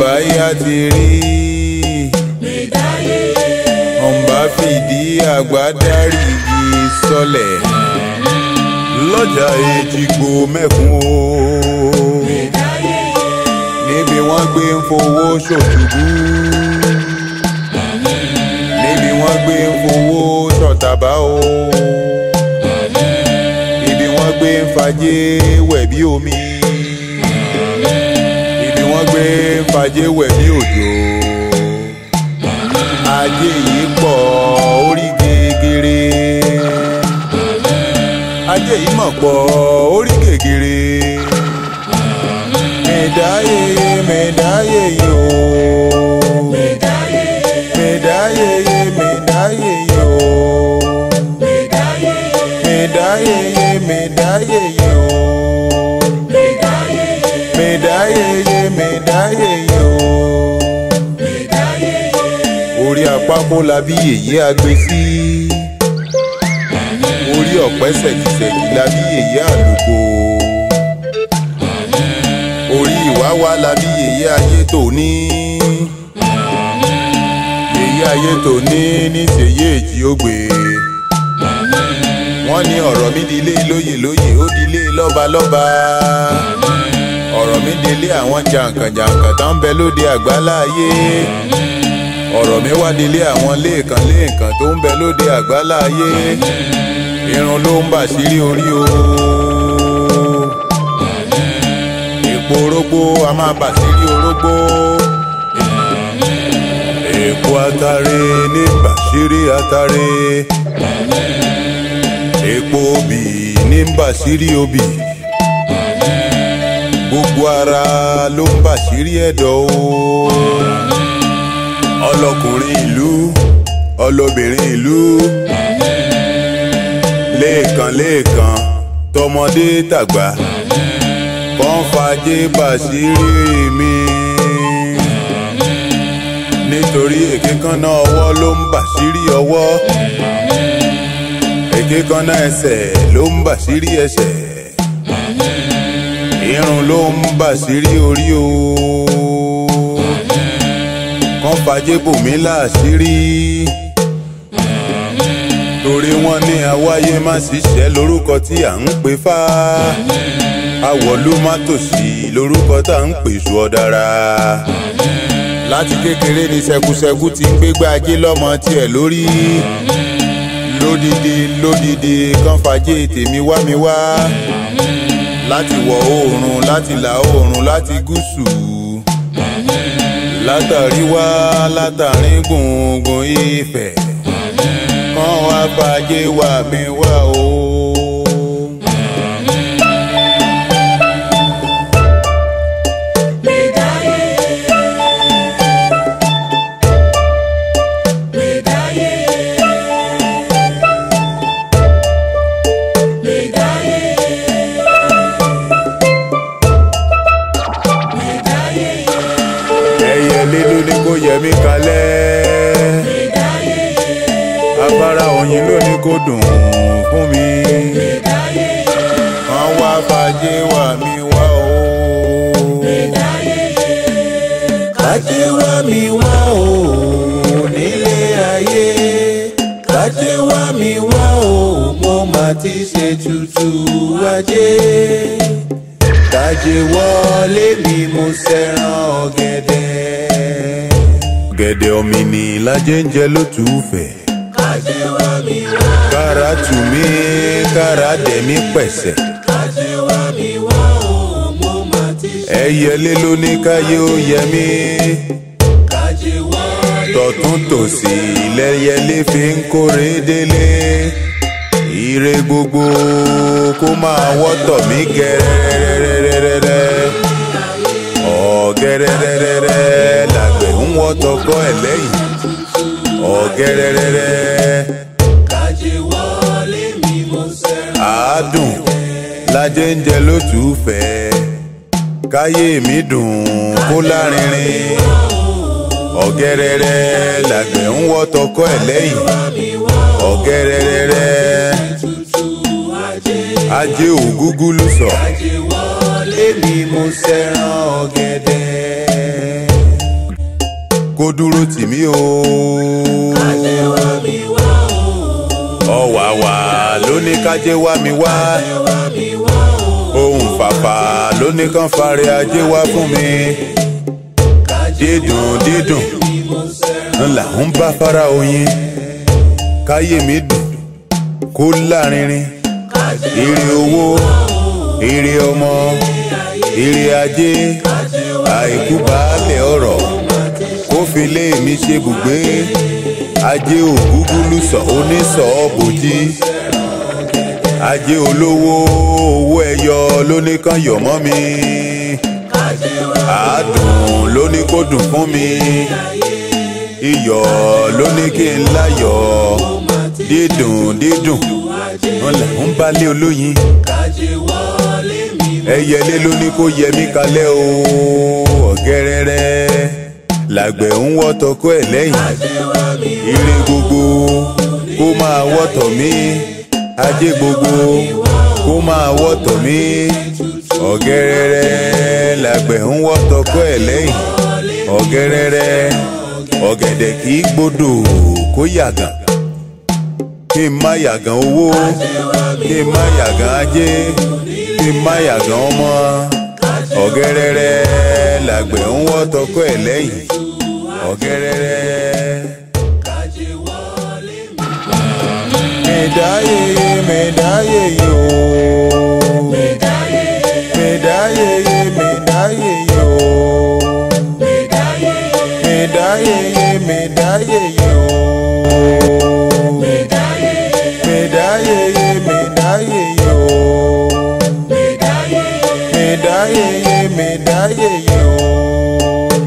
báyà ti rí ọ̀nbá fìdí àgbà di igi sọlẹ̀ lọ́jà èjìgbò mẹ́kún o níbi wọ́n gbé ń fowó ṣòṣùbú níbi wọ́n gbé ń fowó ṣọ̀tàbá o níbi wọ́n gbé ń fajé wẹ̀bí omi. fàjẹ́ wẹ̀ ní òjò ajé yìí pọ̀ orí gegere ajé yìí mọ̀ pọ̀ orí gegere mẹ̀dáyé mẹ̀dáyé yìí o mẹ̀dáyé mẹ̀dáyé mẹ̀dáyé yìí o mẹ̀dáyé mẹ̀dáyé yìí o. orí apákó labí yèyé agbe sí orí ọ̀pẹ ṣẹ̀kìṣẹ̀kì labí yèyé àlùkò orí ìwáwá labí yèyé ayé tòní yèyé ayé tòní níṣèyí èjì ó gbé wọ́n ní ọ̀rọ̀ mi di ilé lóyè lóyè ó di ilé lọ́ba lọ́ba ọ̀rọ̀ mi di ilé àwọn jàǹkànjàǹkàn tó ń bẹ lóde àgbáláyé mi wá délé àwọn léèkàn léèkàn tó ń bẹ lóde àgbálá ayé irun ló ń bàṣírí orí o èpo orógbó a máa bàṣírí orógbó èpo atare ní bàṣírí atare èpo obì ní bàṣírí obì gbogbo ara ló ń bàṣírí ẹ̀dọ̀ o ọlọkùnrin ìlú ọlọbìnrin ìlú lẹ́ẹ̀kan lẹ́ẹ̀kan tọmọdé tàgbà kọ́ńfàjẹ́ bàṣírí mi nítorí èké kan náà ọwọ́ ló ń bàṣírí ọwọ́ èké kan náà ẹsẹ̀ ló ń bàṣírí ẹsẹ̀ irun ló ń bàṣírí orí o wọ́n fàjẹ́ bòmí láṣìírí torí wọ́n ní àwáyé má ṣiṣẹ́ lórúkọ tí à ń pè fá àwọ̀lú má tòṣì lórúkọ tá à ń pè sùn ọ̀dàrà láti kékeré ni ṣẹkúṣẹkú ti ń gbégbá ajé lọ́mọ tiẹ̀ lórí lódìdí lódìdí kan fàjẹ́ tèmi wá mi wá láti wọ̀ oòrùn láti là oòrùn láti gúúsù látàrí wá látàrí gbùngbùn ìfẹ́ kàn wá fàájì wà mí wá o. ti ṣe tutù ajé tàjé wọlé mi mo ṣẹran ọ̀gẹ̀dẹ̀. gẹ̀dẹ̀ ọ̀mì ni ìlàjẹ́ ń jẹ ló fẹ̀. kájé wá mi wá. kára tù mí kára dẹ̀ mí pẹ̀sẹ̀. kájé wá mi wá o mo máa ti ṣe. ẹyẹlé ló ní káyé ó yẹ mí. kájé wá tọ̀tún tòsì ilẹ̀ yẹlé fi ń kórè délé. ire gbogbo kó máa wọ́tọ̀ mí gẹ́rẹ́rẹ́rẹ́rẹ́ ọ̀gẹ́rẹ́rẹ́rẹ́ làgbẹ̀ ń wọ́tọ̀ kọ́ ẹ̀ lẹ́yìn ọ̀gẹ́rẹ́rẹ́rẹ́. wọlé mi mo sẹ́ràn. àádùn lajẹ́ ń jẹ lótú fẹ́ káyé mi dùn kó lárinrin ọ̀gẹ́rẹ́rẹ́ làgbẹ̀ ń wọ́tọ̀ ọ̀gẹ́rẹ́rẹ́rẹ́ ajé ògúngúlù sọ. ajé wọlé ni mo ṣẹran ọ̀gẹ̀dẹ̀. kó dúró tì mí o. àjẹwà mi wá o. ọ̀wàwà ló ní kájẹ́wà mi wá. àjẹwà mi wá o. ohun fàfà ló ní kán fàrẹ ajé wá fún mi. dídùn dídùn ńlá ń bá fara oyin káyé mi dùn kó lárinrin ire owó ire ọmọ ire ajé àìkú baálẹ̀ ọ̀rọ̀ kó fi lé mi ṣe bùgbé ajé ògúngúlù sọ onísọ bòjí ajé olówó owó ẹyọ lóníkànyọ mọ́ mi àádùn lóníkó dùn fún mi iyọ̀ ló ní kí n láyọ̀ dídùn dídùn ńlẹ̀ ń balẹ̀ olóyin ẹyẹlé ló ní kó yẹ mí kalẹ̀ o ọ̀gẹ́rẹ́rẹ́ làgbẹ̀ ń wọ́ tọkọ ẹ̀ lẹ́yìn ire gbogbo kó máa wọ́tọ̀ mí ajé gbogbo kó máa wọ́tọ̀ mí ọ̀gẹ́rẹ́rẹ́ làgbẹ̀ ń wọ́ ẹ̀ lẹ́yìn ọ̀gẹ́rẹ́rẹ́ ọ̀gẹ̀dẹ̀ kì í gbódò kó yàgàn kí n má yàgàn owó kí n má yàgàn ajé kí n má yàgàn ọmọ ọ̀gẹ́rẹ́rẹ́ làgbẹ̀ ń wọ́ tọkọ ẹ̀ lẹ́yìn ọ̀gẹ́rẹ́rẹ́. mẹ̀dáyé mẹ̀dáyé yìí ooo mẹ̀dáyé mẹ̀dáyé Medayeye, medayeye ooo. Medayeye, medayeye, medayeye ooo. Medayeye, medayeye, medayeye ooo.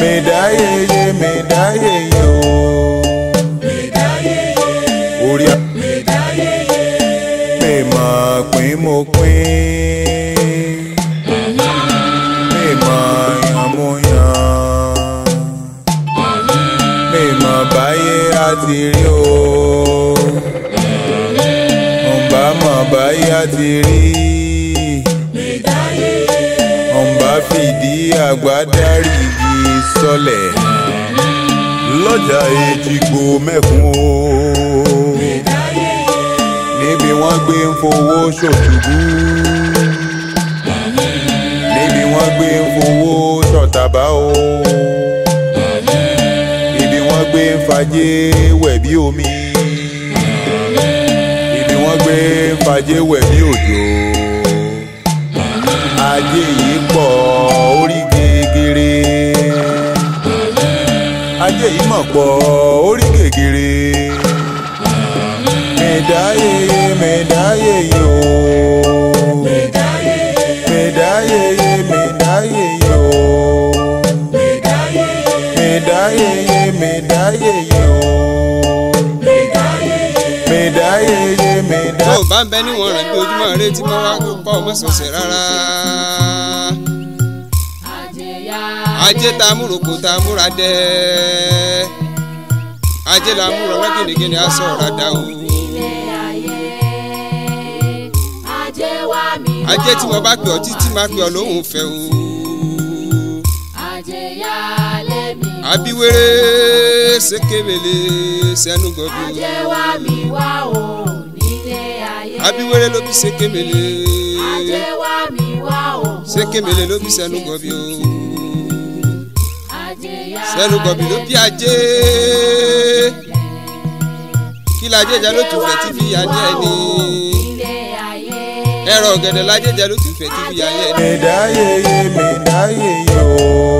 Medayeye, medayeye, medayeye ooo. Medayeye, orí a. Medayeye, pè máa pín mo pín. ti rí o ọ̀nbá mọ̀ báyà ti rí ọ̀nbá fìdí àgbà dárí igi sọlẹ̀ lọ́jà èjìgbò mẹ́kún o níbi wọ́n gbé ń fowó ṣòṣùbú níbi wọ́n gbé ń fowó ṣọ̀tàbá o fàjẹ́ wẹ̀ bí omi ibi wọ́n gbé fàjẹ́ wẹ̀ bí òjò ajé yìí pọ̀ orí gegere ajé yìí mọ̀ pọ̀ orí gegere mẹ̀dáyé mẹ̀dáyé yìí o mẹ̀dáyé mẹ̀dáyé yìí o mẹ̀dáyé mẹdáyẹyẹ o. mẹdáyẹyẹ mẹdáyẹyẹ. tó o bá ń bẹ níwọ̀n rẹ̀ bí ojúmọ́ rẹ ti máa wá kọ́ ọmọ sọ̀sẹ̀ rárá. ajé ta múròkó ta múra dẹ́ ajé la múra lọ́gìnìgìnì aṣọ ọ̀rá dá o. ajé tí mo bá pè ọ́ títí máa pè ọ́ lóhùn fẹ́ o. abiwere sekebele sẹnugọdọ. ajẹ́wá mi wá o nílé ayé. abiwere ló bí sekebele. ajẹ́wá mi wá o. sekebele ló bí sẹnugọbi o. sẹnugọbi ló bí ajé. kí la jẹjà ló tún fẹ́ tí fi ajé ẹni. ẹ̀rọ ọ̀gẹ̀dẹ̀ la jẹjà ló tún fẹ́ tí fi ajé ẹni. mẹ̀dáyé yé mẹ̀dáyé yé o.